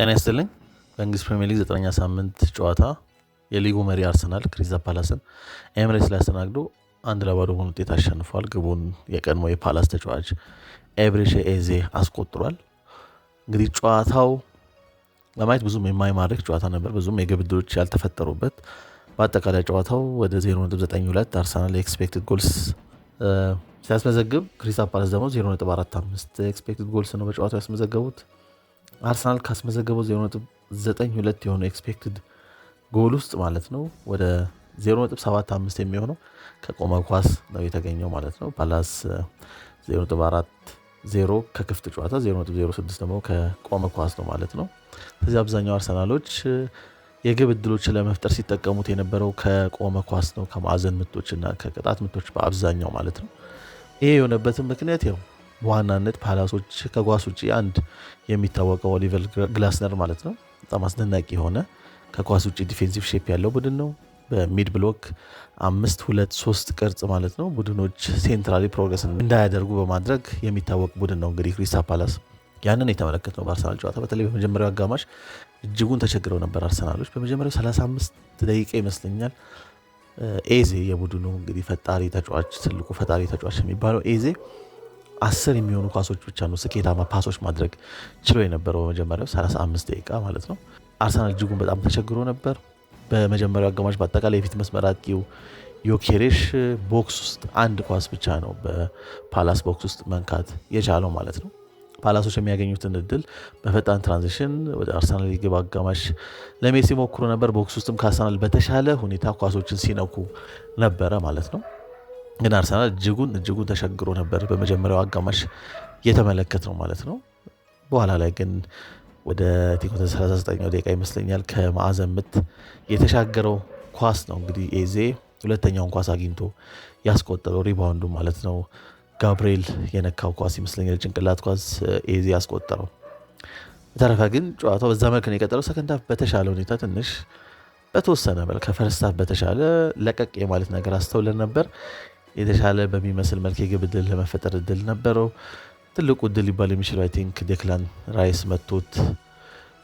ጤና ይስጥልኝ። በእንግሊዝ ፕሪሚየር ሊግ ዘጠነኛ ሳምንት ጨዋታ የሊጉ መሪ አርሰናል ክሪስታል ፓላስን ኤምሬትስ ላይ አስተናግዶ አንድ ለባዶ በሆነ ውጤት አሸንፏል። ግቡን የቀድሞ የፓላስ ተጫዋች ኤብሬሽ ኤዜ አስቆጥሯል። እንግዲህ ጨዋታው ለማየት ብዙም የማይማርክ ጨዋታ ነበር። ብዙም የግብ ዕድሎች ያልተፈጠሩበት በአጠቃላይ ጨዋታው ወደ 0.92 አርሰናል ኤክስፔክትድ ጎልስ ሲያስመዘግብ፣ ክሪስታል ፓላስ ደግሞ 0.45 ኤክስፔክትድ ጎልስ ነው በጨዋታው ያስመዘገቡት። አርሰናል ካስመዘገበው 0.92 የሆነ ኤክስፔክትድ ጎል ውስጥ ማለት ነው ወደ 0.75 የሚሆነው ከቆመ ኳስ ነው የተገኘው ማለት ነው። ፓላስ 0.40 ከክፍት ጨዋታ 0.06 ደግሞ ከቆመ ኳስ ነው ማለት ነው። ስለዚህ አብዛኛው አርሰናሎች የግብ እድሎችን ለመፍጠር ሲጠቀሙት የነበረው ከቆመ ኳስ ነው፣ ከማዕዘን ምቶችና ከቅጣት ምቶች በአብዛኛው ማለት ነው። ይሄ የሆነበትም ምክንያት ያው በዋናነት ፓላሶች ከኳስ ውጭ አንድ የሚታወቀው ኦሊቨር ግላስነር ማለት ነው። በጣም አስደናቂ የሆነ ከኳስ ውጭ ዲፌንሲቭ ሼፕ ያለው ቡድን ነው። በሚድ ብሎክ አምስት ሁለት ሶስት ቅርጽ ማለት ነው። ቡድኖች ሴንትራሊ ፕሮግረስ እንዳያደርጉ በማድረግ የሚታወቅ ቡድን ነው። እንግዲህ ክሪስታል ፓላስ ያንን የተመለከት ነው። በአርሰናል ጨዋታ በተለይ በመጀመሪያው አጋማሽ እጅጉን ተቸግረው ነበር አርሰናሎች። በመጀመሪያው 35 ደቂቃ ይመስለኛል ኤዜ የቡድኑ እንግዲህ ፈጣሪ ተጫዋች ትልቁ ፈጣሪ ተጫዋች የሚባለው ኤዜ አስር የሚሆኑ ኳሶች ብቻ ነው ስኬታማ ፓሶች ማድረግ ችሎ የነበረው በመጀመሪያው 35 ደቂቃ ማለት ነው። አርሰናል እጅጉን በጣም ተቸግሮ ነበር። በመጀመሪያው አጋማሽ በአጠቃላይ የፊት መስመር አጥቂው ዮኬሬሽ ቦክስ ውስጥ አንድ ኳስ ብቻ ነው በፓላስ ቦክስ ውስጥ መንካት የቻለው ማለት ነው። ፓላሶች የሚያገኙትን እድል በፈጣን ትራንዚሽን ወደ አርሰናል የግብ አጋማሽ ለሜሲ ሞክሮ ነበር። ቦክስ ውስጥም ከአርሰናል በተሻለ ሁኔታ ኳሶችን ሲነኩ ነበረ ማለት ነው። ግን አርሰናል እጅጉን እጅጉን ተሸግሮ ነበር በመጀመሪያው አጋማሽ የተመለከት ነው ማለት ነው። በኋላ ላይ ግን ወደ ቴክኖ 39 ደቂቃ ይመስለኛል ከማዕዘን ምት የተሻገረው ኳስ ነው እንግዲህ ኤዜ ሁለተኛውን ኳስ አግኝቶ ያስቆጠረው ሪባውንዱ ማለት ነው። ጋብርኤል የነካው ኳስ ይመስለኛል ጭንቅላት ኳስ ኤዜ ያስቆጠረው። በተረፈ ግን ጨዋታው በዛ መልክ ነው የቀጠለው። ሰከንዳፍ በተሻለ ሁኔታ ትንሽ በተወሰነ መልክ ከፈርስት በተሻለ ለቀቅ የማለት ነገር አስተውለን ነበር። የተሻለ በሚመስል መልክ የግብ እድል ለመፈጠር እድል ነበረው። ትልቁ እድል ሊባል የሚችለው አይ ቲንክ ዴክላን ራይስ መቶት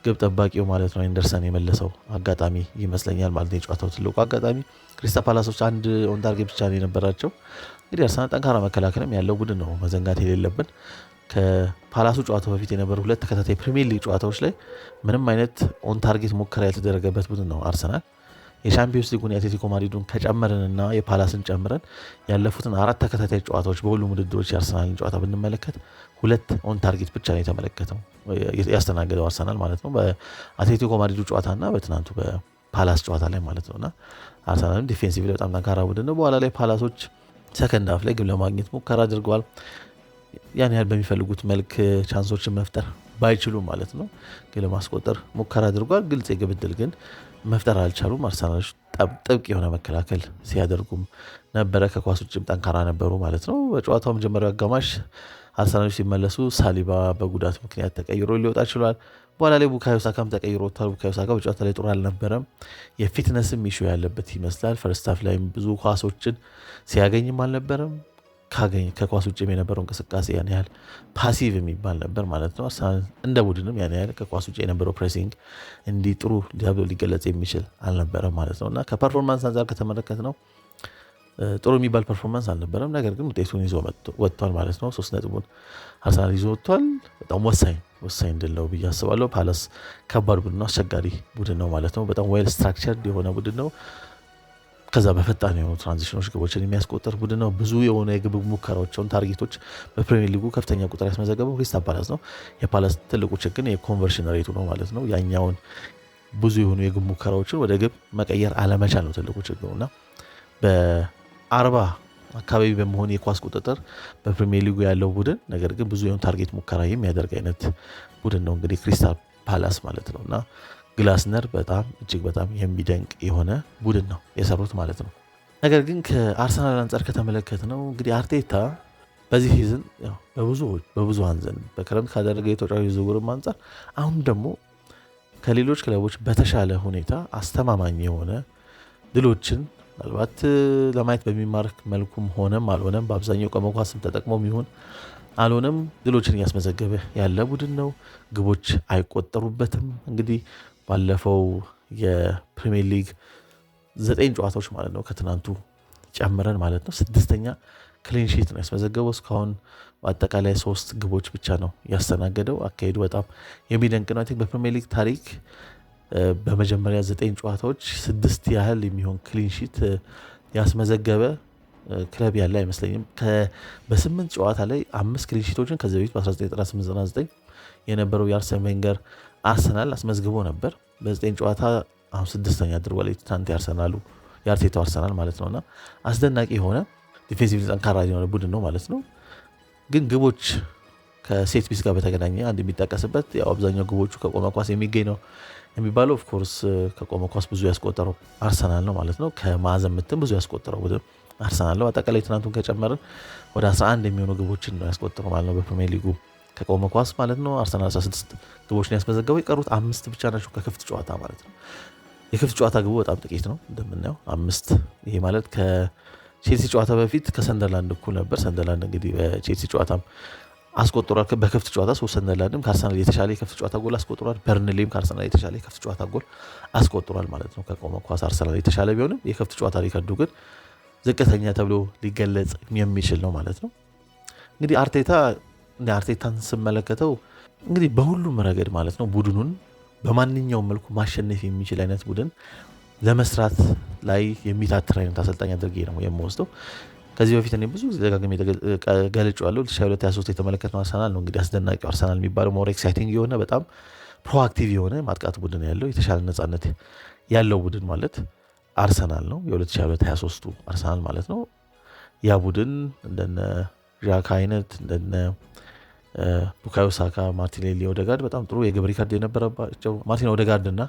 ግብ ጠባቂው ማለት ነው ኤንደርሰን የመለሰው አጋጣሚ ይመስለኛል ማለት ነው። የጨዋታው ትልቁ አጋጣሚ ክሪስታ ፓላሶች አንድ ኦን ታርጌት ብቻ ነው የነበራቸው። እንግዲህ አርሰናል ጠንካራ መከላከልም ያለው ቡድን ነው መዘንጋት የሌለብን። ከፓላሱ ጨዋታ በፊት የነበሩ ሁለት ተከታታይ ፕሪሚየር ሊግ ጨዋታዎች ላይ ምንም አይነት ኦን ታርጌት ሙከራ ያልተደረገበት ቡድን ነው አርሰናል። የሻምፒዮንስ ሊጉን የአትሌቲኮ ማድሪዱን ከጨመርንና የፓላስን ጨምረን ያለፉትን አራት ተከታታይ ጨዋታዎች በሁሉም ውድድሮች የአርሰናልን ጨዋታ ብንመለከት ሁለት ኦን ታርጌት ብቻ ነው የተመለከተው ያስተናገደው አርሰናል ማለት ነው። በአትሌቲኮ ማድሪዱ ጨዋታና በትናንቱ በፓላስ ጨዋታ ላይ ማለት ነውና አርሰናልም ዲፌንሲቭ ላይ በጣም ጠንካራ ቡድን ነው። በኋላ ላይ ፓላሶች ሰከንድ ሀፍ ላይ ግብ ለማግኘት ሙከራ አድርገዋል። ያን ያህል በሚፈልጉት መልክ ቻንሶችን መፍጠር ባይችሉም ማለት ነው ግን ለማስቆጠር ሙከራ አድርጓል። ግልጽ የግብድል ግን መፍጠር አልቻሉም። አርሰናሎች ጥብቅ የሆነ መከላከል ሲያደርጉም ነበረ። ከኳስ ውጭም ጠንካራ ነበሩ ማለት ነው። በጨዋታው መጀመሪያው አጋማሽ አርሰናሎች ሲመለሱ ሳሊባ በጉዳት ምክንያት ተቀይሮ ሊወጣ ችሏል። በኋላ ላይ ቡካዮ ሳካም ተቀይሮ ወጥቷል። ቡካዮ ሳካ በጨዋታ ላይ ጥሩ አልነበረም። የፊትነስም ኢሹ ያለበት ይመስላል። ፈርስታፍ ላይም ብዙ ኳሶችን ሲያገኝም አልነበረም። ካገኝ ከኳስ ውጭ የነበረው እንቅስቃሴ ያን ያህል ፓሲቭ የሚባል ነበር ማለት ነው። እንደ ቡድንም ያን ያህል ከኳስ ውጭ የነበረው ፕሬሲንግ እንዲህ ጥሩ ዲያብሎ ሊገለጽ የሚችል አልነበረም ማለት ነው እና ከፐርፎርማንስ አንጻር ከተመለከት ነው ጥሩ የሚባል ፐርፎርማንስ አልነበረም። ነገር ግን ውጤቱን ይዞ ወጥቷል ማለት ነው። ሶስት ነጥቡን አርሰናል ይዞ ወጥቷል። በጣም ወሳኝ ወሳኝ ድል ብዬ አስባለሁ። ፓለስ ከባድ ቡድን ነው፣ አስቸጋሪ ቡድን ነው ማለት ነው። በጣም ዌል ስትራክቸርድ የሆነ ቡድን ነው። ከዛ በፈጣን የሆኑ ትራንዚሽኖች ግቦችን የሚያስቆጠር ቡድን ነው። ብዙ የሆነ የግብ ሙከራዎችን ታርጌቶች በፕሪሚየር ሊጉ ከፍተኛ ቁጥር ያስመዘገበው ክሪስታል ፓላስ ነው። የፓላስ ትልቁ ችግር የኮንቨርሽን ሬቱ ነው ማለት ነው። ያኛውን ብዙ የሆኑ የግብ ሙከራዎችን ወደ ግብ መቀየር አለመቻል ነው ትልቁ ችግሩ እና በአርባ አካባቢ በመሆን የኳስ ቁጥጥር በፕሪሚየር ሊጉ ያለው ቡድን ነገር ግን ብዙ የሆኑ ታርጌት ሙከራ የሚያደርግ አይነት ቡድን ነው እንግዲህ ክሪስታል ፓላስ ማለት ነው እና ግላስነር በጣም እጅግ በጣም የሚደንቅ የሆነ ቡድን ነው የሰሩት ማለት ነው። ነገር ግን ከአርሰናል አንጻር ከተመለከት ነው እንግዲህ አርቴታ በዚህ ሲዝን በብዙዎች በብዙሃን ዘንድ በክረምት ካደረገ የተጫዋች ዝውውርም አንጻር አሁን ደግሞ ከሌሎች ክለቦች በተሻለ ሁኔታ አስተማማኝ የሆነ ድሎችን ምናልባት ለማየት በሚማርክ መልኩም ሆነም አልሆነም በአብዛኛው ቀመኳስም ተጠቅሞ ይሁን አልሆነም ድሎችን እያስመዘገበ ያለ ቡድን ነው። ግቦች አይቆጠሩበትም። እንግዲህ ባለፈው የፕሪሚየር ሊግ ዘጠኝ ጨዋታዎች ማለት ነው ከትናንቱ ጨምረን ማለት ነው ስድስተኛ ክሊንሺት ነው ያስመዘገበው። እስካሁን በአጠቃላይ ሶስት ግቦች ብቻ ነው ያስተናገደው። አካሄዱ በጣም የሚደንቅ ነው። በፕሪሚየር ሊግ ታሪክ በመጀመሪያ ዘጠኝ ጨዋታዎች ስድስት ያህል የሚሆን ክሊንሺት ያስመዘገበ ክለብ ያለ አይመስለኝም። በስምንት ጨዋታ ላይ አምስት ክሊንሺቶችን ከዚ በፊት በ1998 የነበረው የአርሰን ቬንገር አርሰናል አስመዝግቦ ነበር። በ9 ጨዋታ አሁን ስድስተኛ አድርጓል። ትናንት ያርሰናሉ የአርቴታው አርሰናል ማለት እና አስደናቂ የሆነ ዲፌንሲቭ ጠንካራ የሆነ ቡድን ነው ማለት ነው። ግን ግቦች ከሴት ፒስ ጋር በተገናኘ አንድ የሚጠቀስበት ያው አብዛኛው ግቦቹ ከቆመ ኳስ የሚገኝ ነው የሚባለው። ኦፍኮርስ ከቆመ ኳስ ብዙ ያስቆጠረው አርሰናል ነው ማለት ነው። ከማዕዘን ምትም ብዙ ያስቆጠረው ቡድን አርሰናል ነው። አጠቃላይ ትናንቱን ከጨመርን ወደ 11 የሚሆኑ ግቦችን ነው ያስቆጠረው ማለት ነው በፕሪሚየር ሊጉ ከቆመ ኳስ ማለት ነው። አርሰናል 16 ግቦችን ያስመዘገበው የቀሩት አምስት ብቻ ናቸው ከክፍት ጨዋታ ማለት ነው። የክፍት ጨዋታ ግቡ በጣም ጥቂት ነው እንደምናየው አምስት። ይሄ ማለት ከቼልሲ ጨዋታ በፊት ከሰንደርላንድ እኩል ነበር። ሰንደርላንድ እንግዲህ በቼልሲ ጨዋታም አስቆጥሯል በክፍት ጨዋታ ሶስት። ሰንደርላንድም ከአርሰናል የተሻለ የክፍት ጨዋታ ጎል አስቆጥሯል። በርንሌም ከአርሰናል የተሻለ የክፍት ጨዋታ ጎል አስቆጥሯል ማለት ነው። ከቆመ ኳስ አርሰናል የተሻለ ቢሆንም የክፍት ጨዋታ ሪከርዱ ግን ዝቅተኛ ተብሎ ሊገለጽ የሚችል ነው ማለት ነው። እንግዲህ አርቴታ እንደ አርቴታን ስመለከተው እንግዲህ በሁሉም ረገድ ማለት ነው ቡድኑን በማንኛውም መልኩ ማሸነፍ የሚችል አይነት ቡድን ለመስራት ላይ የሚታትር አይነት አሰልጣኝ አድርጌ ነው የምወስደው። ከዚህ በፊት እኔ ብዙ ጊዜ ደጋግሜ ገልጬዋለሁ። 2022/23 የተመለከትነው አርሰናል ነው እንግዲህ አስደናቂው አርሰናል የሚባለው ሞር ኤክሳይቲንግ የሆነ በጣም ፕሮአክቲቭ የሆነ ማጥቃት ቡድን ያለው የተሻለ ነጻነት ያለው ቡድን ማለት አርሰናል ነው የ የ2023 አርሰናል ማለት ነው። ያ ቡድን እንደነ ዣካ አይነት እንደነ ቡካዮ ሳካ፣ ማርቲኔሊ፣ ኦደጋርድ በጣም ጥሩ የግብሪ ካርድ የነበረባቸው ማርቲን ኦደጋርድ እና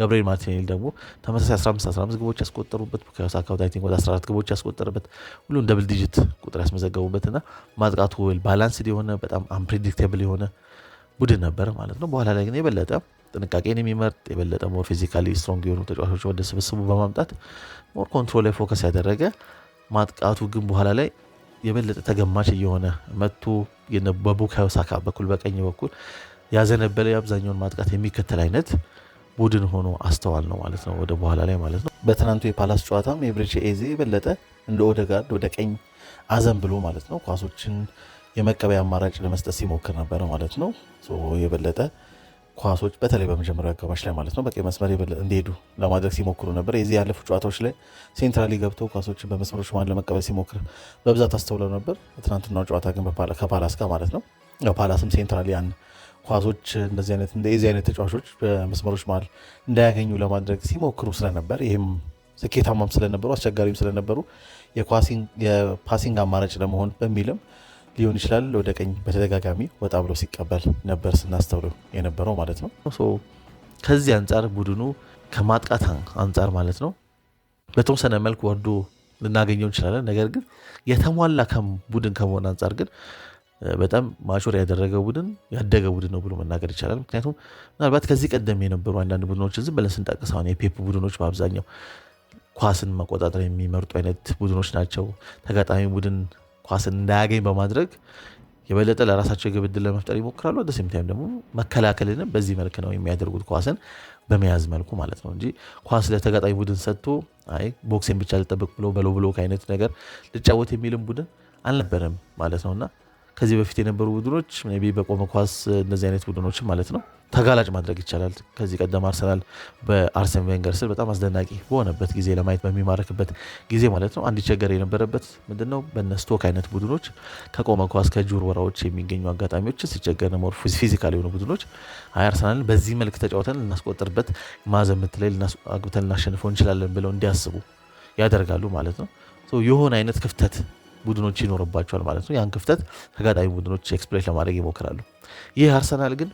ገብርኤል ማርቲኔሊ ደግሞ ተመሳሳይ 15 15 ግቦች ያስቆጠሩበት ቡካዮ ሳካ ወደ 14 ግቦች ያስቆጠረበት ሁሉም ደብል ዲጂት ቁጥር ያስመዘገቡበት እና ማጥቃቱ ወይል ባላንስድ የሆነ በጣም አንፕሬዲክቴብል የሆነ ቡድን ነበረ ማለት ነው። በኋላ ላይ ግን የበለጠ ጥንቃቄን የሚመርጥ የበለጠ ሞር ፊዚካሊ ስትሮንግ የሆኑ ተጫዋቾች ወደ ስብስቡ በማምጣት ሞር ኮንትሮል ላይ ፎከስ ያደረገ ማጥቃቱ ግን በኋላ ላይ የበለጠ ተገማች እየሆነ መጥቶ በቡካዮ ሳካ በኩል በቀኝ በኩል ያዘነበለ የአብዛኛውን ማጥቃት የሚከተል አይነት ቡድን ሆኖ አስተዋል ነው ማለት ነው፣ ወደ በኋላ ላይ ማለት ነው። በትናንቱ የፓላስ ጨዋታም የብሬቼ ኤዜ የበለጠ እንደ ኦደጋርድ ወደ ቀኝ አዘን ብሎ ማለት ነው ኳሶችን የመቀበያ አማራጭ ለመስጠት ሲሞክር ነበረ ማለት ነው የበለጠ ኳሶች በተለይ በመጀመሪያው አጋማሽ ላይ ማለት ነው በቀይ መስመር እንዲሄዱ ለማድረግ ሲሞክሩ ነበር። የዚህ ያለፉ ጨዋታዎች ላይ ሴንትራሊ ገብተው ኳሶችን በመስመሮች ማን ለመቀበል ሲሞክር በብዛት አስተውለው ነበር። ትናንትናው ጨዋታ ግን ከፓላስ ጋር ማለት ነው ፓላስም ሴንትራሊ ያን ኳሶች እንደዚህ አይነት የዚህ አይነት ተጫዋቾች በመስመሮች መሀል እንዳያገኙ ለማድረግ ሲሞክሩ ስለነበር ይህም ስኬታማም ስለነበሩ አስቸጋሪም ስለነበሩ የፓሲንግ አማራጭ ለመሆን በሚልም ሊሆን ይችላል ወደ ቀኝ በተደጋጋሚ ወጣ ብሎ ሲቀበል ነበር ስናስተውለው የነበረው ማለት ነው። ከዚህ አንጻር ቡድኑ ከማጥቃት አንጻር ማለት ነው በተወሰነ መልክ ወርዶ ልናገኘው እንችላለን። ነገር ግን የተሟላ ቡድን ከመሆን አንጻር ግን በጣም ማቾር ያደረገ ቡድን ያደገ ቡድን ነው ብሎ መናገር ይቻላል። ምክንያቱም ምናልባት ከዚህ ቀደም የነበሩ አንዳንድ ቡድኖችን ዝም ብለን ስንጠቅስ አሁን የፔፕ ቡድኖች በአብዛኛው ኳስን መቆጣጠር የሚመርጡ አይነት ቡድኖች ናቸው። ተጋጣሚ ቡድን ኳስ እንዳያገኝ በማድረግ የበለጠ ለራሳቸው የግብ ዕድል ለመፍጠር ይሞክራሉ። ወደ ሴም ታይም ደግሞ መከላከልንም በዚህ መልክ ነው የሚያደርጉት፣ ኳስን በመያዝ መልኩ ማለት ነው እንጂ ኳስ ለተጋጣሚ ቡድን ሰጥቶ አይ ቦክሴን ብቻ ልጠብቅ ብሎ በሎ ብሎክ አይነት ነገር ልጫወት የሚልም ቡድን አልነበረም ማለት ነውና ከዚህ በፊት የነበሩ ቡድኖች ቢ በቆመ ኳስ እነዚህ አይነት ቡድኖች ማለት ነው ተጋላጭ ማድረግ ይቻላል። ከዚህ ቀደም አርሰናል በአርሰን ቬንገር ስር በጣም አስደናቂ በሆነበት ጊዜ ለማየት በሚማረክበት ጊዜ ማለት ነው አንድ ቸገር የነበረበት ምንድነው በነስቶክ አይነት ቡድኖች ከቆመ ኳስ ከጁር ወራዎች የሚገኙ አጋጣሚዎች ሲቸገር ሞር ፊዚካል የሆኑ ቡድኖች አይ አርሰናልን በዚህ መልክ ተጫውተን ልናስቆጥርበት ማዘምት ላይ አግብተን ልናሸንፈው እንችላለን ብለው እንዲያስቡ ያደርጋሉ ማለት ነው የሆነ አይነት ክፍተት ቡድኖች ይኖርባቸዋል ማለት ነው። ያን ክፍተት ተጋጣሚ ቡድኖች ኤክስፕሎይት ለማድረግ ይሞክራሉ። ይህ አርሰናል ግን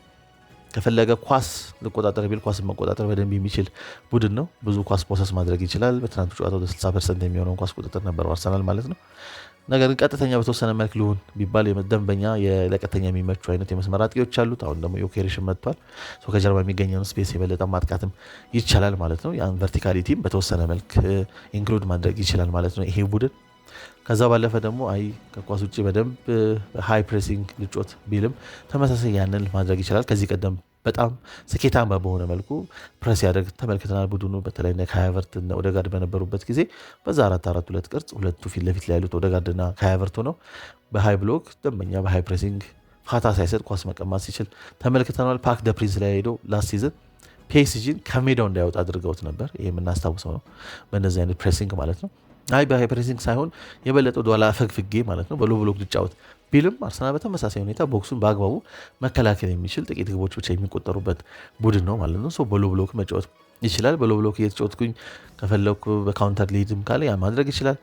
ከፈለገ ኳስ ልቆጣጠር ቢል ኳስ መቆጣጠር በደንብ የሚችል ቡድን ነው። ብዙ ኳስ ፖሰስ ማድረግ ይችላል። በትናንቱ ጨዋታ ወደ 60 ፐርሰንት የሚሆነውን ኳስ ቁጥጥር ነበረው አርሰናል ማለት ነው። ነገር ግን ቀጥተኛ በተወሰነ መልክ ሊሆን ቢባል ደንበኛ ለቀጥተኛ የሚመቹ አይነት የመስመር አጥቂዎች አሉት። አሁን ደግሞ ዮኬሬሽን መጥቷል። ከጀርባ የሚገኘውን ስፔስ የበለጠ ማጥቃትም ይቻላል ማለት ነው። ያን ቨርቲካሊቲም በተወሰነ መልክ eh, ኢንክሉድ ማድረግ ይችላል ማለት ነው ይሄ ቡድን ከዛ ባለፈ ደግሞ አይ ከኳስ ውጭ በደንብ ሃይ ፕሬሲንግ ልጮት ቢልም ተመሳሳይ ያንን ማድረግ ይችላል። ከዚህ ቀደም በጣም ስኬታማ በሆነ መልኩ ፕረስ ያደርግ ተመልክተናል። ቡድኑ በተለይ ከሀያቨርት እና ኦደጋድ በነበሩበት ጊዜ በዛ አራት አራት ሁለት ቅርጽ ሁለቱ ፊት ለፊት ላይ ያሉት ኦደጋድና ከሀያቨርቱ ነው። በሃይ ብሎክ ደንበኛ በሃይ ፕሬሲንግ ፋታ ሳይሰጥ ኳስ መቀማት ሲችል ተመልክተናል። ፓክ ደ ፕሪንስ ላይ ሄደው ላስት ሲዝን ፔሲጂን ከሜዳው እንዳይወጣ አድርገውት ነበር። ይህ የምናስታውሰው ነው። በእነዚህ አይነት ፕሬሲንግ ማለት ነው። አይ በሃይፕሬሲንግ ሳይሆን የበለጠ ወደኋላ አፈግፍጌ ማለት ነው በሎ ብሎክ ልጫወት ቢልም አርሰናል በተመሳሳይ ሁኔታ ቦክሱን በአግባቡ መከላከል የሚችል ጥቂት ግቦች ብቻ የሚቆጠሩበት ቡድን ነው ማለት ነው። በሎ ብሎክ መጫወት ይችላል። በሎ ብሎክ እየተጫወትኩኝ ከፈለኩ በካውንተር ሊድም ካለ ያ ማድረግ ይችላል።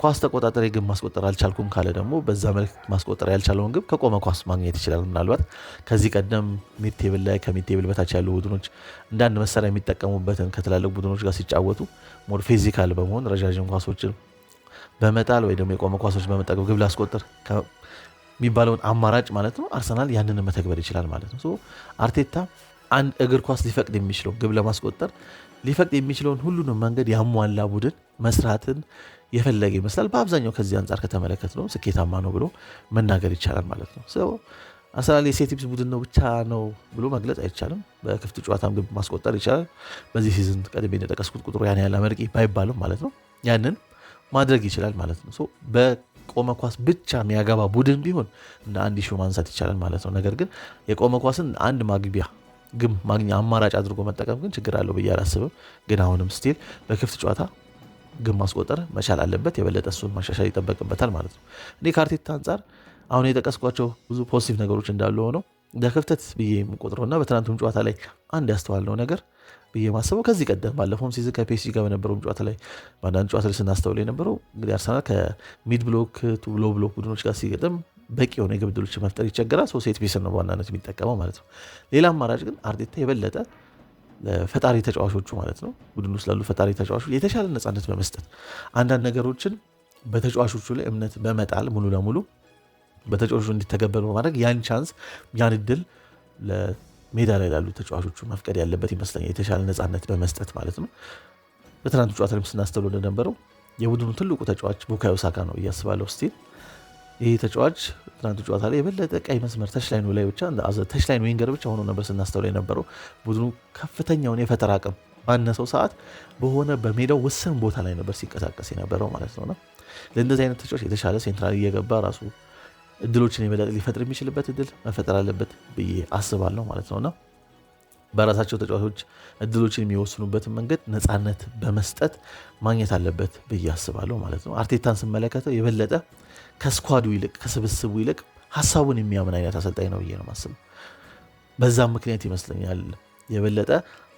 ኳስ ተቆጣጠሪ ግብ ማስቆጠር አልቻልኩም ካለ ደግሞ በዛ መልክ ማስቆጠር ያልቻለውን ግብ ከቆመ ኳስ ማግኘት ይችላል። ምናልባት ከዚህ ቀደም ሚድቴብል ላይ ከሚድቴብል በታች ያሉ ቡድኖች እንዳንድ መሳሪያ የሚጠቀሙበትን ከትላልቅ ቡድኖች ጋር ሲጫወቱ ሞር ፊዚካል በመሆን ረዣዥም ኳሶችን በመጣል ወይ ደግሞ የቆመ ኳሶች በመጠቀም ግብ ላስቆጥር የሚባለውን አማራጭ ማለት ነው አርሰናል ያንን መተግበር ይችላል ማለት ነው። አርቴታ አንድ እግር ኳስ ሊፈቅድ የሚችለው ግብ ለማስቆጠር ሊፈቅድ የሚችለውን ሁሉንም መንገድ ያሟላ ቡድን መስራትን የፈለገ ይመስላል። በአብዛኛው ከዚህ አንጻር ከተመለከት ነው ስኬታማ ነው ብሎ መናገር ይቻላል ማለት ነው። አርሰናል የሴቲፕስ ቡድን ነው ብቻ ነው ብሎ መግለጽ አይቻልም። በክፍት ጨዋታም ግብ ማስቆጠር ይቻላል። በዚህ ሲዝን ቀድሜ እንደጠቀስኩት ቁጥሩ ያን ያለ አመርቂ ባይባልም ማለት ነው ያንን ማድረግ ይችላል ማለት ነው። በቆመ ኳስ ብቻ የሚያገባ ቡድን ቢሆን እና አንድ ሺ ማንሳት ይቻላል ማለት ነው። ነገር ግን የቆመ ኳስን አንድ ማግቢያ ግብ ማግኛ አማራጭ አድርጎ መጠቀም ግን ችግር አለው ብዬ አላስብም። ግን አሁንም ስቲል በክፍት ጨዋታ ግን ማስቆጠር መቻል አለበት። የበለጠ እሱን ማሻሻል ይጠበቅበታል ማለት ነው። እኔ ከአርቴታ አንጻር አሁን የጠቀስኳቸው ብዙ ፖዚቲቭ ነገሮች እንዳሉ ሆነው ለክፍተት ብዬ የምቆጥረው እና በትናንቱም ጨዋታ ላይ አንድ ያስተዋልነው ነገር ብዬ ማሰበው ከዚህ ቀደም ባለፈውም ሲዝን ከፒኤስጂ ጋር በነበረው ጨዋታ ላይ በአንዳንድ ጨዋታ ላይ ስናስተውል የነበረው እንግዲህ አርሰናል ከሚድ ብሎክ ቱ ሎ ብሎክ ቡድኖች ጋር ሲገጥም በቂ የሆነ የግብ ዕድሎችን መፍጠር ይቸገራል። ሶ ሴት ፒስን ነው በዋናነት የሚጠቀመው ማለት ነው። ሌላ አማራጭ ግን አርቴታ የበለጠ ፈጣሪ ተጫዋቾቹ ማለት ነው ቡድን ውስጥ ላሉ ፈጣሪ ተጫዋቾች የተሻለ ነፃነት በመስጠት አንዳንድ ነገሮችን በተጫዋቾቹ ላይ እምነት በመጣል ሙሉ ለሙሉ በተጫዋቾቹ እንዲተገበሩ በማድረግ ያን ቻንስ ያን እድል ለሜዳ ላይ ላሉ ተጫዋቾቹ መፍቀድ ያለበት ይመስለኛል። የተሻለ ነፃነት በመስጠት ማለት ነው። በትናንቱ ጨዋታ ስናስተውል እንደነበረው የቡድኑ ትልቁ ተጫዋች ቡካዮ ሳካ ነው እያስባለው ስቲል ይህ ተጫዋች ትናንት ጨዋታ ላይ የበለጠ ቀይ መስመር ተሽላይኑ ላይ ብቻ ተሽላይን ዊንገር ብቻ ሆኖ ነበር ስናስተውል የነበረው። ቡድኑ ከፍተኛውን የፈጠራ አቅም ባነሰው ሰዓት በሆነ በሜዳው ውስን ቦታ ላይ ነበር ሲንቀሳቀስ የነበረው ማለት ነው። ለእንደዚህ አይነት ተጫዋች የተሻለ ሴንትራል እየገባ ራሱ እድሎችን የበለጠ ሊፈጥር የሚችልበት እድል መፈጠር አለበት ብዬ አስባለሁ ማለት ነውና በራሳቸው ተጫዋቾች እድሎችን የሚወስኑበትን መንገድ ነፃነት በመስጠት ማግኘት አለበት ብዬ አስባለሁ ማለት ነው። አርቴታን ስመለከተው የበለጠ ከስኳዱ ይልቅ ከስብስቡ ይልቅ ሀሳቡን የሚያምን አይነት አሰልጣኝ ነው ብዬ ነው ማስብ። በዛም ምክንያት ይመስለኛል የበለጠ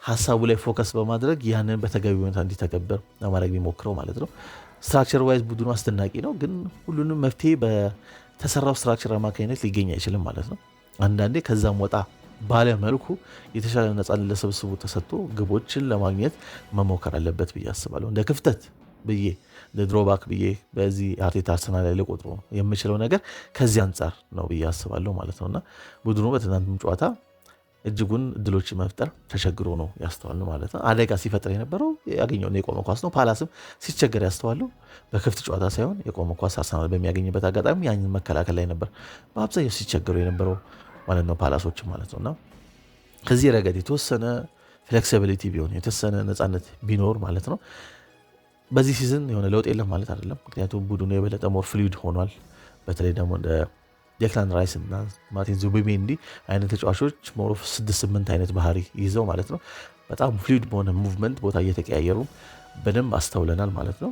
ሀሳቡ ላይ ፎከስ በማድረግ ያንን በተገቢ ሁኔታ እንዲተገበር ለማድረግ የሚሞክረው ማለት ነው። ስትራክቸር ዋይዝ ቡድኑ አስደናቂ ነው፣ ግን ሁሉንም መፍትሄ በተሰራው ስትራክቸር አማካኝነት ሊገኝ አይችልም ማለት ነው። አንዳንዴ ከዛም ወጣ ባለ መልኩ የተሻለ ነፃነት ለስብስቡ ተሰጥቶ ግቦችን ለማግኘት መሞከር አለበት ብዬ አስባለሁ እንደ ክፍተት ብዬ ድሮባክ ብዬ በዚህ አርቴታ አርሰናል ላይ ልቆጥሮ የምችለው ነገር ከዚህ አንጻር ነው ብዬ አስባለሁ ማለት ነውና ቡድኑ በትናንትም ጨዋታ እጅጉን እድሎች መፍጠር ተቸግሮ ነው ያስተዋል ማለት ነው። አደጋ ሲፈጥር የነበረው ያገኘው የቆመ ኳስ ነው። ፓላስም ሲቸገር ያስተዋለው በክፍት ጨዋታ ሳይሆን የቆመ ኳስ አርሰናል በሚያገኝበት አጋጣሚ ያንን መከላከል ላይ ነበር በአብዛኛው ሲቸገሩ የነበረው ማለት ነው ፓላሶች ማለት ነውና ከዚህ ረገድ የተወሰነ ፍሌክሲቢሊቲ ቢሆን የተወሰነ ነፃነት ቢኖር ማለት ነው በዚህ ሲዝን የሆነ ለውጥ የለም ማለት አይደለም። ምክንያቱም ቡድኑ የበለጠ ሞር ፍሉድ ሆኗል። በተለይ ደግሞ እንደ ዴክላን ራይስ እና ማርቲን ዙቢሜንዲ አይነት ተጫዋቾች ሞር ኦፍ ስድስት ስምንት አይነት ባህሪ ይዘው ማለት ነው በጣም ፍሉድ በሆነ ሙቭመንት ቦታ እየተቀያየሩ በደንብ አስተውለናል ማለት ነው።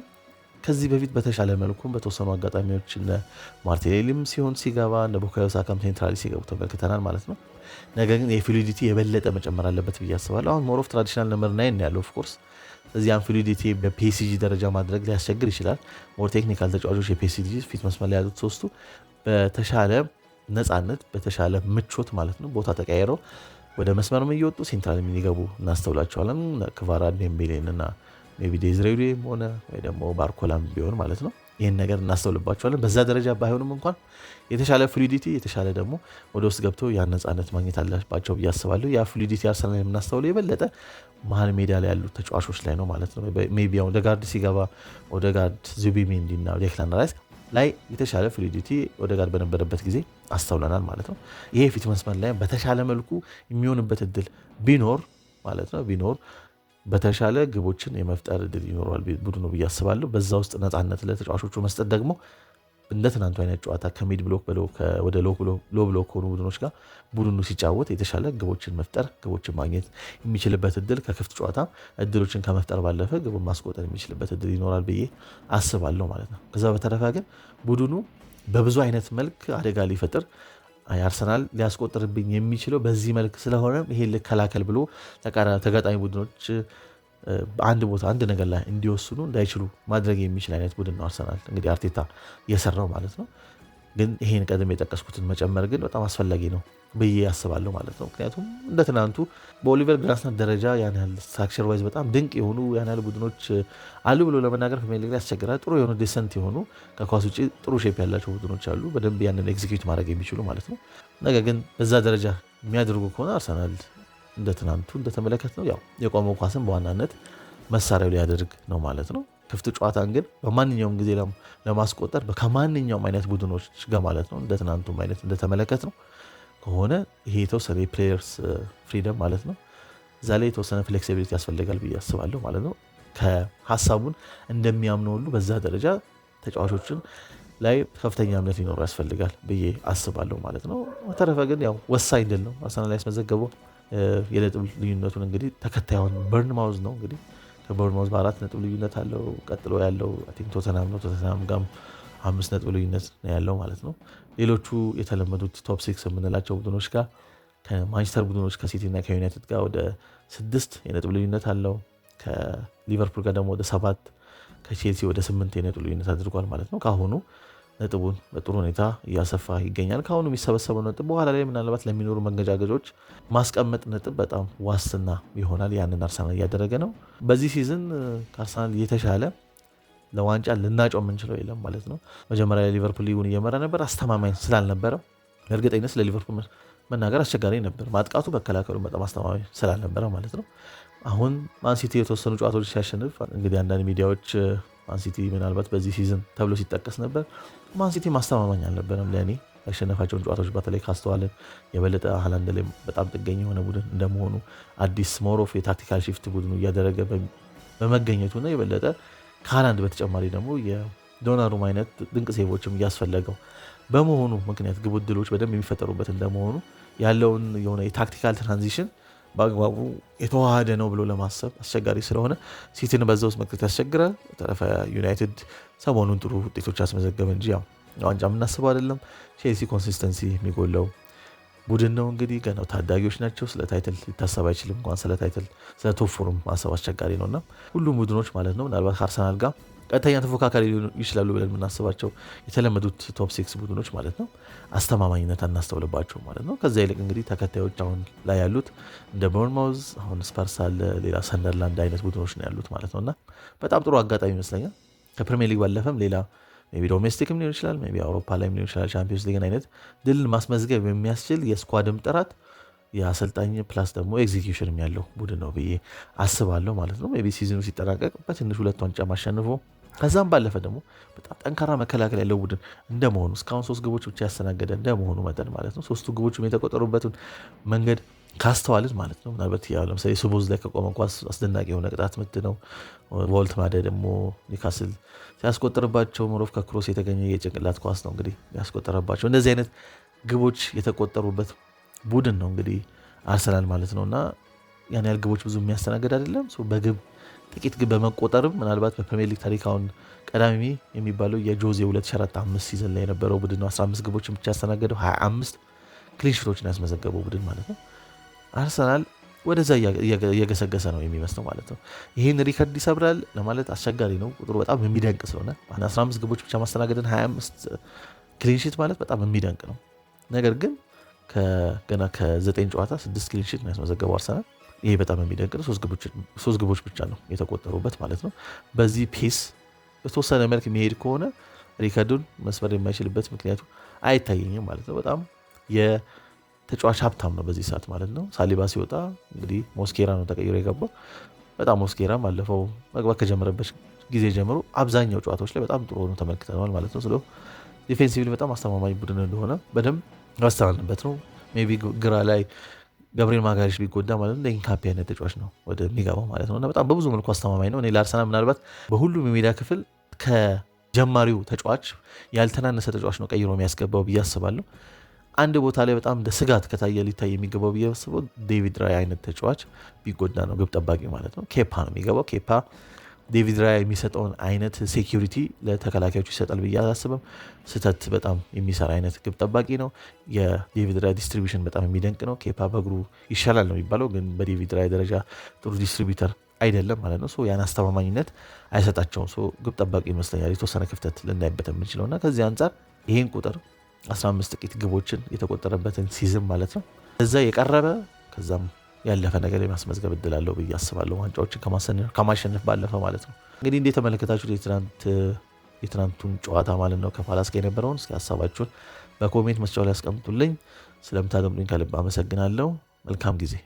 ከዚህ በፊት በተሻለ መልኩም በተወሰኑ አጋጣሚዎች እነ ማርቴሌሊም ሲሆን ሲገባ እነ ቡካዮ ሳካም ሴንትራሊ ሲገቡ ተመልክተናል ማለት ነው። ነገር ግን የፍሉዲቲ የበለጠ መጨመር አለበት ብዬ አስባለሁ። አሁን ሞር ኦፍ ትራዲሽናል ነመር ናይን ያለው ኦፍኮርስ እዚያን ፍሉዲቲ በፒሲጂ ደረጃ ማድረግ ሊያስቸግር ይችላል። ሞር ቴክኒካል ተጫዋቾች የፒሲጂ ፊት መስመር ላይ ያሉት ሶስቱ በተሻለ ነፃነት በተሻለ ምቾት ማለት ነው ቦታ ተቀያይረው ወደ መስመርም እየወጡ ሴንትራል የሚገቡ እናስተውላቸዋለን። ክቫራ ዴምቤሌን እና ቢ ዴዝሬዴም ሆነ ወይ ደግሞ ባርኮላም ቢሆን ማለት ነው ይህን ነገር እናስተውልባቸዋለን። በዛ ደረጃ ባይሆንም እንኳን የተሻለ ፍሉዲቲ የተሻለ ደግሞ ወደ ውስጥ ገብተው ያን ነፃነት ማግኘት አለባቸው ብዬ አስባለሁ። ያ ፍሉዲቲ አርሰናል የምናስተውለው የበለጠ መሀል ሜዳ ላይ ያሉ ተጫዋቾች ላይ ነው ማለት ነው። ሜይ ቢ አሁን ኦደጋርድ ሲገባ ኦደጋርድ፣ ዙቢሜንዲ እና ዴክላን ራይስ ላይ የተሻለ ፍሉዲቲ ኦደጋርድ በነበረበት ጊዜ አስተውለናል ማለት ነው። ይሄ የፊት መስመር ላይ በተሻለ መልኩ የሚሆንበት እድል ቢኖር ማለት ነው ቢኖር በተሻለ ግቦችን የመፍጠር እድል ይኖረዋል ቡድኑ ብዬ አስባለሁ። በዛ ውስጥ ነፃነት ለተጫዋቾቹ መስጠት ደግሞ እንደ ትናንቱ አይነት ጨዋታ ከሚድ ብሎክ ወደ ሎ ብሎክ ከሆኑ ቡድኖች ጋር ቡድኑ ሲጫወት የተሻለ ግቦችን መፍጠር ግቦችን ማግኘት የሚችልበት እድል ከክፍት ጨዋታ እድሎችን ከመፍጠር ባለፈ ግቡን ማስቆጠር የሚችልበት እድል ይኖራል ብዬ አስባለሁ ማለት ነው። ከዛ በተረፈ ግን ቡድኑ በብዙ አይነት መልክ አደጋ ሊፈጥር አርሰናል ሊያስቆጥርብኝ የሚችለው በዚህ መልክ ስለሆነ ይሄ ልከላከል ብሎ ተጋጣሚ ቡድኖች አንድ ቦታ አንድ ነገር ላይ እንዲወስኑ እንዳይችሉ ማድረግ የሚችል አይነት ቡድን ነው አርሰናል እንግዲህ አርቴታ የሰራው ማለት ነው። ግን ይሄን ቀደም የጠቀስኩትን መጨመር ግን በጣም አስፈላጊ ነው ብዬ ያስባለሁ ማለት ነው። ምክንያቱም እንደ ትናንቱ በኦሊቨር ግራስናት ደረጃ ያን ያህል ስትራክቸር ዋይዝ በጣም ድንቅ የሆኑ ያን ያህል ቡድኖች አሉ ብሎ ለመናገር ፕሪሚየር ሊግ ያስቸግራል። ጥሩ የሆኑ ዲሰንት የሆኑ ከኳስ ውጭ ጥሩ ሼፕ ያላቸው ቡድኖች አሉ፣ በደንብ ያንን ኤግዚኪዩት ማድረግ የሚችሉ ማለት ነው። ነገር ግን በዛ ደረጃ የሚያደርጉ ከሆነ አርሰናል እንደ ትናንቱ እንደተመለከት ነው ያው የቆመው ኳስን በዋናነት መሳሪያው ሊያደርግ ነው ማለት ነው። ክፍት ጨዋታን ግን በማንኛውም ጊዜ ለማስቆጠር ከማንኛውም አይነት ቡድኖች ጋር ማለት ነው እንደ ትናንቱም አይነት እንደተመለከት ነው ከሆነ ይሄ የተወሰነ የፕሌየርስ ፍሪደም ማለት ነው እዛ ላይ የተወሰነ ፍሌክሲቢሊቲ ያስፈልጋል ብዬ አስባለሁ ማለት ነው። ከሀሳቡን እንደሚያምኑ ሁሉ በዛ ደረጃ ተጫዋቾችን ላይ ከፍተኛ እምነት ሊኖሩ ያስፈልጋል ብዬ አስባለሁ ማለት ነው። በተረፈ ግን ያው ወሳኝ ድል ነው አርሰናል ያስመዘገበው። የነጥብ ልዩነቱን እንግዲህ ተከታዩን በርንማውዝ ነው እንግዲህ ከቦርንማውዝ በአራት ነጥብ ልዩነት አለው። ቀጥሎ ያለው ቶተናም ነው። ቶተናም ጋም አምስት ነጥብ ልዩነት ያለው ማለት ነው። ሌሎቹ የተለመዱት ቶፕ ሲክስ የምንላቸው ቡድኖች ጋር ከማንቸስተር ቡድኖች ከሲቲ እና ከዩናይትድ ጋር ወደ ስድስት የነጥብ ልዩነት አለው። ከሊቨርፑል ጋር ደግሞ ወደ ሰባት ከቼልሲ ወደ ስምንት የነጥብ ልዩነት አድርጓል ማለት ነው ከአሁኑ ነጥቡን በጥሩ ሁኔታ እያሰፋ ይገኛል። ከአሁኑ የሚሰበሰበው ነጥብ በኋላ ላይ ምናልባት ለሚኖሩ መንገጫገጮች ማስቀመጥ ነጥብ በጣም ዋስትና ይሆናል። ያንን አርሰናል እያደረገ ነው። በዚህ ሲዝን ከአርሰናል የተሻለ ለዋንጫ ልናጨው የምንችለው የለም ማለት ነው። መጀመሪያ ሊቨርፑል ሊጉን እየመራ ነበር፣ አስተማማኝ ስላልነበረ እርግጠኝነት ሊቨርፑል መናገር አስቸጋሪ ነበር። ማጥቃቱ መከላከሉ በጣም አስተማማኝ ስላልነበረ ማለት ነው። አሁን ማንሲቲ የተወሰኑ ጨዋታዎች ሲያሸንፍ እንግዲህ አንዳንድ ሚዲያዎች ማንሲቲ ምናልባት በዚህ ሲዝን ተብሎ ሲጠቀስ ነበር። ማንሲቲ ማስተማማኝ አልነበረም ለእኔ ያሸነፋቸውን ጨዋታዎች በተለይ ካስተዋልን የበለጠ ሃላንድ ላይ በጣም ጥገኝ የሆነ ቡድን እንደመሆኑ አዲስ ሞሮፍ የታክቲካል ሽፍት ቡድኑ እያደረገ በመገኘቱ እና የበለጠ ከሀላንድ በተጨማሪ ደግሞ የዶናሩም አይነት ድንቅ ሴቦችም እያስፈለገው በመሆኑ ምክንያት ግብ ዕድሎች በደንብ የሚፈጠሩበት እንደመሆኑ ያለውን የሆነ የታክቲካል ትራንዚሽን በአግባቡ የተዋሃደ ነው ብሎ ለማሰብ አስቸጋሪ ስለሆነ ሲቲን በዛ ውስጥ መክተት ያስቸግራል። በተረፈ ዩናይትድ ሰሞኑን ጥሩ ውጤቶች አስመዘገበ እንጂ ያው ዋንጫ የምናስበው አይደለም። ቼልሲ ኮንሲስተንሲ የሚጎለው ቡድን ነው። እንግዲህ ገናው ታዳጊዎች ናቸው። ስለ ታይትል ሊታሰብ አይችልም። እንኳን ስለ ታይትል ስለ ቶፕ ፎርም ማሰብ አስቸጋሪ እና ሁሉም ቡድኖች ማለት ነው ምናልባት ከአርሰናል ጋር ቀጥተኛ ተፎካካሪ ሊሆኑ ይችላሉ ብለን የምናስባቸው የተለመዱት ቶፕ ሲክስ ቡድኖች ማለት ነው አስተማማኝነት አናስተውልባቸው ማለት ነው። ከዚያ ይልቅ እንግዲህ ተከታዮች አሁን ላይ ያሉት እንደ ቦርንማውዝ አሁን ስፐርስ አለ፣ ሌላ ሰንደርላንድ አይነት ቡድኖች ነው ያሉት ማለት ነው እና በጣም ጥሩ አጋጣሚ ይመስለኛል ከፕሪሚየር ሊግ ባለፈም ሌላ ቢ ዶሜስቲክም ሊሆን ይችላል ቢ አውሮፓ ላይም ሊሆን ይችላል ቻምፒዮንስ ሊግን አይነት ድልን ማስመዝገብ የሚያስችል የስኳድም ጥራት የአሰልጣኝ ፕላስ ደግሞ ኤግዚኪዩሽንም ያለው ቡድን ነው ብዬ አስባለሁ ማለት ነው። ቢ ሲዝኑ ሲጠናቀቅ በትንሽ ሁለት ዋንጫ ማሸንፎ ከዛም ባለፈ ደግሞ በጣም ጠንካራ መከላከል ያለው ቡድን እንደመሆኑ እስካሁን ሶስት ግቦች ብቻ ያስተናገደ እንደመሆኑ መጠን ማለት ነው ሶስቱ ግቦችም የተቆጠሩበትን መንገድ ካስተዋልን ማለት ነው ምናልባት ያው ለምሳሌ ሱቦዝ ላይ ከቆመ ኳስ አስደናቂ የሆነ ቅጣት ምት ነው። ቮልት ማደ ደግሞ ኒካስል ሲያስቆጠርባቸው ምሮፍ ከክሮስ የተገኘ የጭንቅላት ኳስ ነው እንግዲህ ያስቆጠረባቸው። እነዚህ አይነት ግቦች የተቆጠሩበት ቡድን ነው እንግዲህ አርሰናል ማለት ነው እና ያን ያህል ግቦች ብዙ የሚያስተናግድ አይደለም በግብ ጥቂት ግን በመቆጠርም ምናልባት በፕሪሚየር ሊግ ታሪክ አሁን ቀዳሚ የሚባለው የጆዜ 2045 ሲዘን ላይ የነበረው ቡድን ነው። 15 ግቦችን ብቻ ያስተናገደው 25 ክሊንሽቶችን ያስመዘገበው ቡድን ማለት ነው። አርሰናል ወደዛ እየገሰገሰ ነው የሚመስለው ማለት ነው። ይህን ሪከርድ ይሰብራል ለማለት አስቸጋሪ ነው። ቁጥሩ በጣም የሚደንቅ ስለሆነ 15 ግቦች ብቻ ማስተናገድን 25 ክሊንሽት ማለት በጣም የሚደንቅ ነው። ነገር ግን ገና ከዘጠኝ ጨዋታ ስድስት ክሊንሽት ነው ያስመዘገበው አርሰናል ይሄ በጣም የሚደንቅ ነው። ሶስት ግቦች ብቻ ነው የተቆጠሩበት ማለት ነው። በዚህ ፔስ በተወሰነ መልክ የሚሄድ ከሆነ ሪከርዱን መስበር የማይችልበት ምክንያቱ አይታየኝም ማለት ነው። በጣም የተጫዋች ሀብታም ነው በዚህ ሰዓት ማለት ነው። ሳሊባ ሲወጣ እንግዲህ ሞስኬራ ነው ተቀይሮ የገባው። በጣም ሞስኬራ ባለፈው መግባት ከጀመረበት ጊዜ ጀምሮ አብዛኛው ጨዋታዎች ላይ በጣም ጥሩ ሆኖ ተመልክተነዋል ማለት ነው። ስለ ዲፌንሲቭሊ በጣም አስተማማኝ ቡድን እንደሆነ በደንብ ያስተዋልንበት ነው። ሜይ ቢ ግራ ላይ ገብርኤል ማጋሪሽ ቢጎዳ ማለት ነው ኢንካፔ አይነት ተጫዋች ነው ወደሚገባው ማለት ነው። እና በጣም በብዙ መልኩ አስተማማኝ ነው። እኔ ለአርሰናል ምናልባት በሁሉም የሜዳ ክፍል ከጀማሪው ተጫዋች ያልተናነሰ ተጫዋች ነው ቀይሮ የሚያስገባው ብዬ አስባለሁ። አንድ ቦታ ላይ በጣም ስጋት ከታየ ሊታይ የሚገባው ብዬ አስበው ዴቪድ ራይ አይነት ተጫዋች ቢጎዳ ነው፣ ግብ ጠባቂ ማለት ነው። ኬፓ ነው የሚገባው ኬፓ ዴቪድ ራያ የሚሰጠውን አይነት ሴኪሪቲ ለተከላካዮች ይሰጣል ብዬ አላስብም። ስህተት በጣም የሚሰራ አይነት ግብ ጠባቂ ነው። የዴቪድ ራያ ዲስትሪቢሽን በጣም የሚደንቅ ነው። ኬፓ በእግሩ ይሻላል ነው የሚባለው፣ ግን በዴቪድ ራያ ደረጃ ጥሩ ዲስትሪቢተር አይደለም ማለት ነው። ያን አስተማማኝነት አይሰጣቸውም። ግብ ጠባቂ ይመስለኛል የተወሰነ ክፍተት ልናይበት የምንችለው እና ከዚህ አንጻር ይህን ቁጥር 15 ጥቂት ግቦችን የተቆጠረበትን ሲዝም ማለት ነው እዛ የቀረበ ከዛም ያለፈ ነገር የማስመዝገብ እድል አለው ብዬ አስባለሁ። ዋንጫዎችን ከማሸነፍ ባለፈ ማለት ነው። እንግዲህ እንደ ተመለከታችሁ የትናንቱን ጨዋታ ማለት ነው ከፓላስ ጋር የነበረውን እስኪ ሀሳባችሁን በኮሜንት መስጫው ላይ ያስቀምጡልኝ። ስለምታደምጡኝ ከልብ አመሰግናለሁ። መልካም ጊዜ